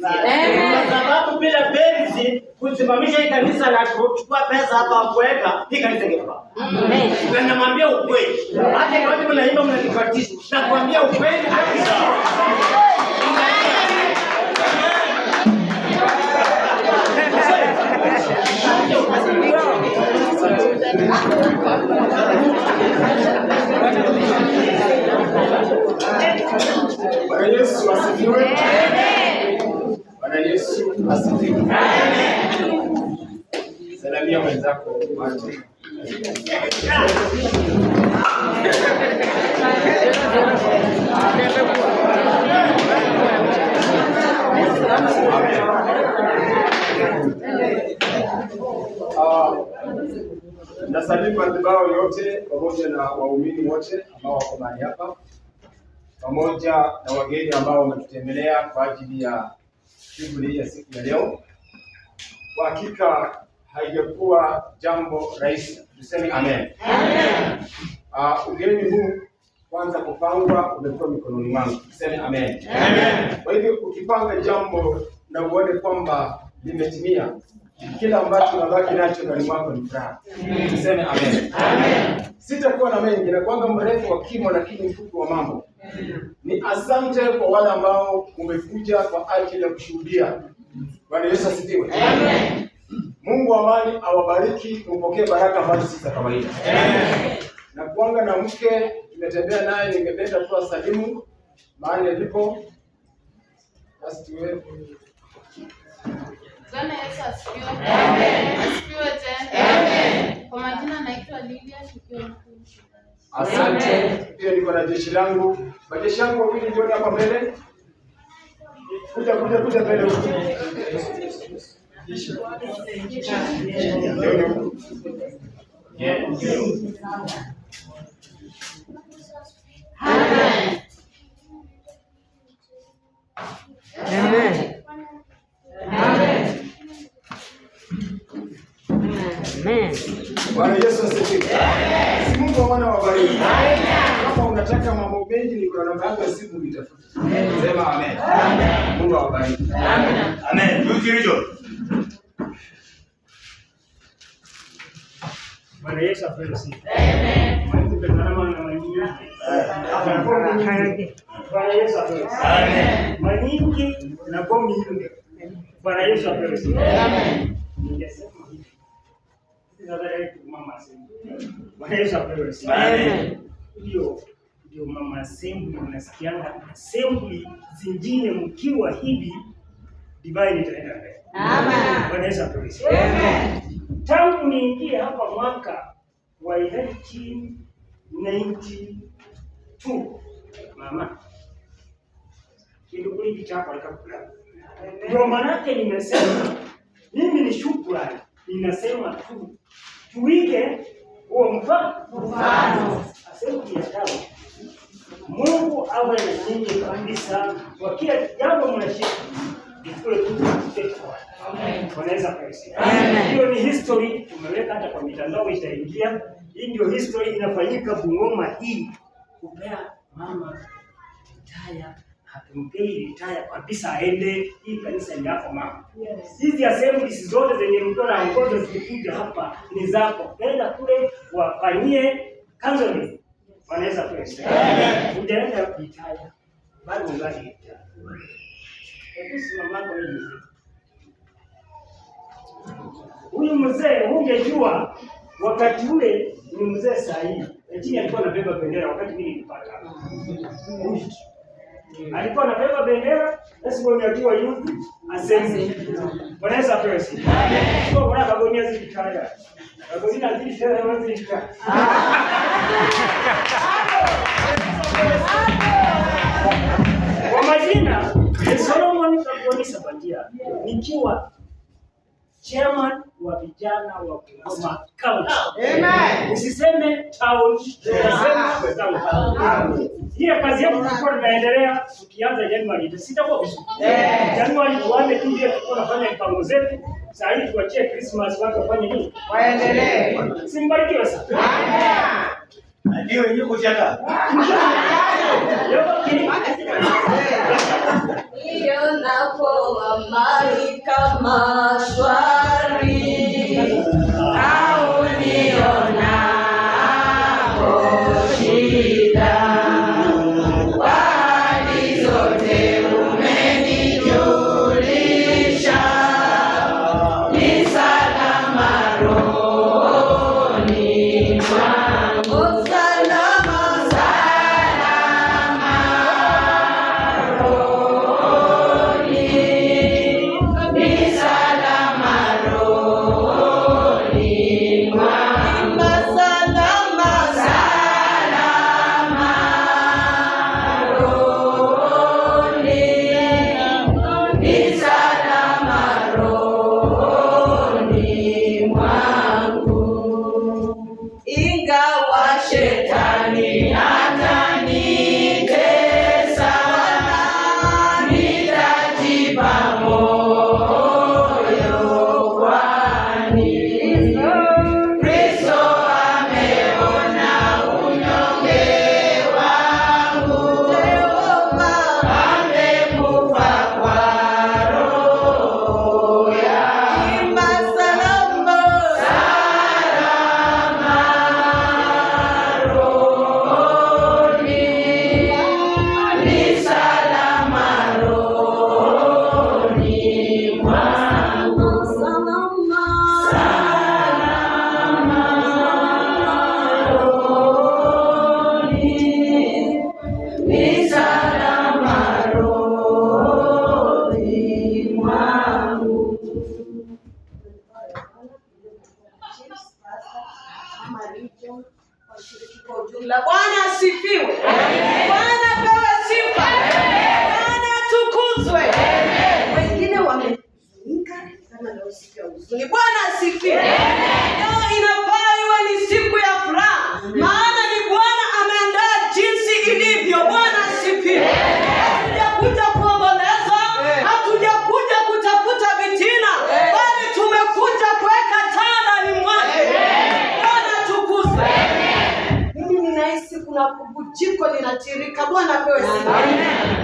Kwa sababu bila Benzi kusimamisha hii kanisa na kuchukua pesa hapa kuweka hii kanisa ingekufa. Na namwambia ukweli. Hata kama mnaimba mnanikatisha, nakwambia ukweli kabisa. Yesu asifiwe asifiwe. Salamia mwenzako ah, nasalimu madhabahu yote pamoja na waumini wote ambao wako mahali hapa pamoja na wageni ambao wametutembelea kwa ajili ya shughuli hii ya siku ya leo. Kwa hakika haijakuwa jambo rahisi, tuseme amen, amen. Uh, ugeni huu kwanza kupangwa umekuwa mikononi mwangu, tuseme amen, amen. Kwa hivyo ukipanga jambo na uone kwamba limetimia, kila ambacho unabaki nacho ndani mwako ni furaha, tuseme amen, amen sitakuwa na mengi na kwamba mrefu wa kimo lakini mfupi wa mambo. Ni asante kwa wale ambao umekuja kwa ajili ya kushuhudia. Bwana Yesu asifiwe. Mungu wa amani awabariki, upokee baraka ambazo si za kawaida. Na kuanga na mke nimetembea naye, ningependa kuwa salimu mahali alipo. Basi tuwe Bwana Yesu asifiwe. Amen. Asifiwe tena. Amen. Kwa majina naitwa Lydia Asante. Pia niko na jeshi langu. Majeshi yangu wawili ndio hapa mbele. Kuja kuja kuja mbele huko. Amen. Amen. Amen. Bwana Yesu asifiwe. Si Mungu wa mwana wa bariki. Kama unataka mambo mengi ni kuna namba yako simu nitafuta. Sema amen. Amen. Mungu awabariki. Amen. Amen. Mkirijo. Bwana Yesu asifiwe. Amen. Mwanzo tunaona na manyinyi. Bwana Yesu asifiwe. Amen. Manyinyi na kwa mnyinyi. Bwana Yesu asifiwe. Amen. Yes. Ndio, ndio mama assembly, mnasikianga assembly zingine mkiwa hivi divai itaenda mbele. Tangu niingie hapa mwaka wa 1992 mama ndio maanake nimesema mimi ni shukrani inasema tu tuige huo mfano, asema binadamu. Mungu awe na nyinyi kabisa, kwa kila jambo mnashika ikule tu wanaweza kaisia. Hiyo ni history, tumeweka hata kwa mitandao itaingia. Hii ndio history inafanyika Bungoma hii kupea mama Kitaya hatumpei ritaya kabisa aende hii kanisa ni yako mama. Hizi assemblies zote zenye mtu na ngozi zikuja hapa ni zako. Nenda kule wafanyie counseling. Wanaweza kwenda. Utaenda ritaya. Bado ungali ritaya. Hebu simama kwa hiyo. Huyu mzee ungejua wakati ule ni mzee sahihi. Lakini alikuwa anabeba bendera wakati mimi nilipata alikuwa anabeba bendera esigonyakiwa youth assembly. Bwana Yesu apewe sifa. Sio bora kagonia zikitaya. Kagonia na zili kaya Kwa majina Solomon Kagonisa Bandia nikiwa chairman wa vijana wa Bungoma County. Amen. Usiseme town, usiseme town. Hiyo kazi yetu tulikuwa tunaendelea tukianza Januari sitakuwa vizuri. Januari tuanze tu ndio tulikuwa tunafanya mipango zetu. Sasa hivi tuachie Christmas watu wafanye nini? Waendelee. Simbarikiwe sana. Amen. Ndio yenyewe kushaka. Hiyo napo amani kama shwari Wow. kwa ujumla. Bwana asifiwe, Bwana pewe sifa, Bwana atukuzwe. Wengine wamezunika sana na usiku wa huzuni. shirika. Bwana apewe sifa,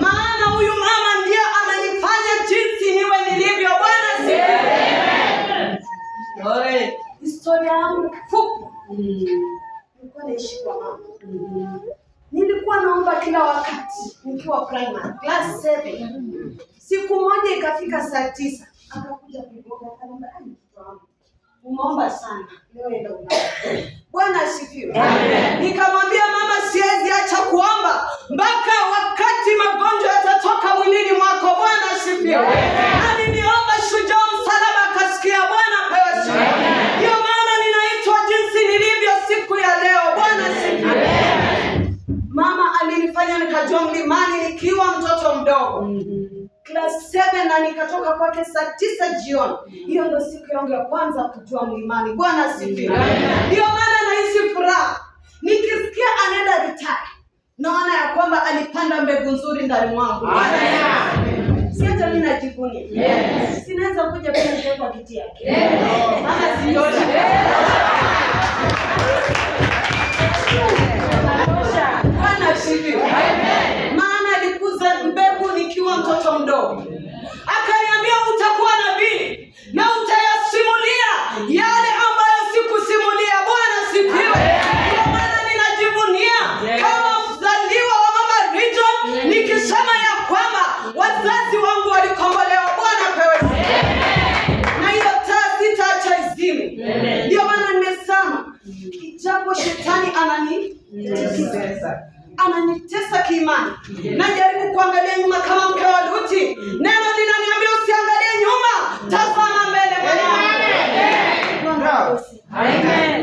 maana huyu mama ndiye amenifanya jinsi niwe nilivyo. Bwana sifa. Historia yangu fupi, nilikuwa naishi kwa mama, nilikuwa naomba kila wakati nikiwa primary class 7. Siku moja ikafika saa tisa akakuja kunigonga, akaniambia umeomba sana, leo enda. Bwana asifiwe. wadogo mm -hmm. class 7 na nikatoka kwake saa tisa jioni hiyo ndo -hmm. siku yangu ya kwanza kutua mlimani Bwana asifiwe. mm -hmm. maana naishi furaha nikisikia anaenda retire, naona ya kwamba alipanda mbegu nzuri ndani mwangu. Sio hata mimi najivunia, sinaweza kuja pia kwa kiti yake ananitesa kiimani. Najaribu kuangalia nyuma kama mke wa Luti. Neno linaniambia usiangalie nyuma, tazama mbele.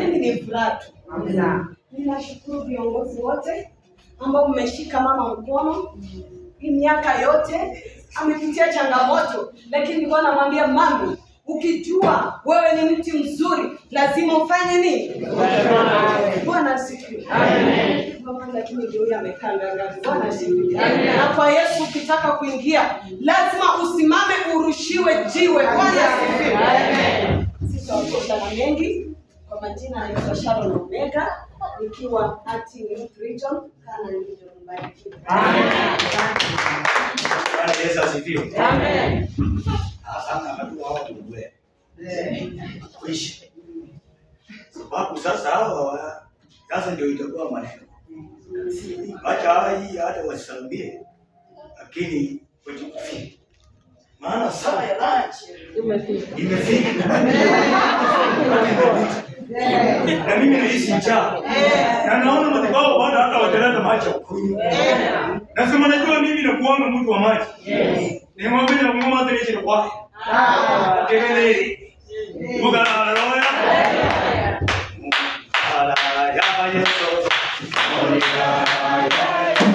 Mimi ni Ninashukuru viongozi wote ambao mmeshika mama mkono miaka yote, amepitia changamoto, lakini nilikuwa namwambia mami Ukijua wewe ni mti mzuri, lazima ufanye nini? Bwana Na kwa Yesu ukitaka kuingia, lazima usimame, urushiwe jiwe. Bwana asifiwe. mengi. Kwa majina naitwa Omega, nikiwa region kana Amen. Amen. Sasa hawa sasa ndio itakuwa maneno hii, hata wasisalimie, lakini wetukufika, maana saa ya lunch imefika na mimi nahisi njaa na naona madhabahu bado hata wajaleta maji ya kunywa. Nasema najua mimi nakuanga mtu wa maji, nimwambia mama hata niche kwa ah. kelele mugala Jai Jai